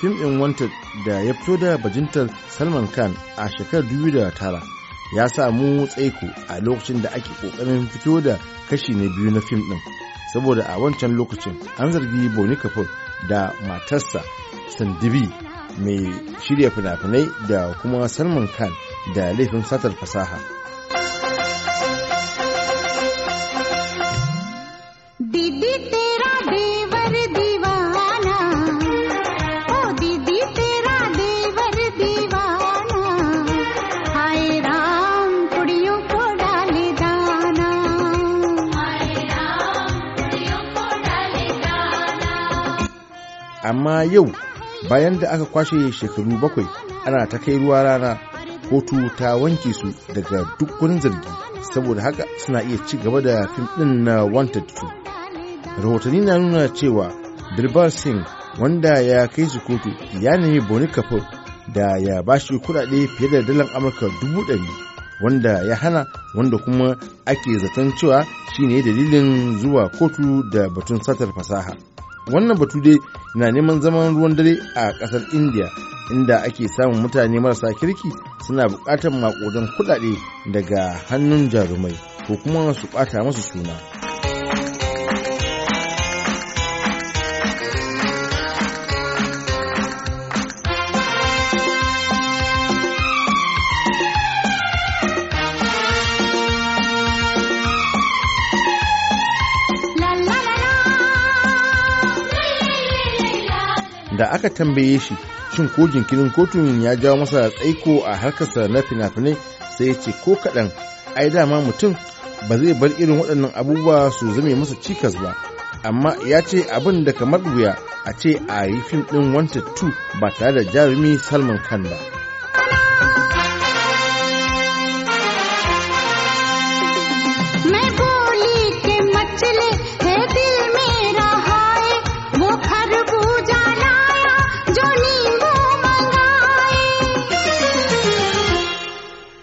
fim ɗin wanted da ya fito da bajintar salman khan a shekarar 2009 ya samu tsaiko a lokacin da ake ƙoƙarin fito da kashi na biyu na fim ɗin saboda a wancan lokacin an zargi boni kapoor da matarsa sandibi mai shirya fina-finai da kuma salman khan da laifin satar fasaha didi amma yau bayan da aka kwashe shekaru bakwai ana ta kai ruwa rana kotu ta wanke su daga duk wani zargi saboda haka suna iya ci gaba da fim din na wanted to rahotanni na nuna cewa dilbar singh wanda ya kai su kotu ya nemi boni kapoor da ya ba shi kudade fiye da dalar amurka dubu ɗari wanda ya hana wanda kuma ake zaton cewa shine dalilin zuwa kotu da batun satar fasaha wannan batu dai na neman zaman ruwan dare a ƙasar india inda ake samun mutane marasa kirki suna buƙatar maƙudan kuɗaɗe daga hannun jarumai ko kuma su bata masu suna da aka tambaye shi shin ko jinkirin kotun ya jawo masa tsaiko a harkarsa na fina-finai sai ya ce ko kaɗan ai dama mutum ba zai bar irin waɗannan abubuwa su zame masa cikas ba amma ya ce abin da kamar wuya a ce a yi fim ɗin wanted 2 ba tare da jarumi salman kan ba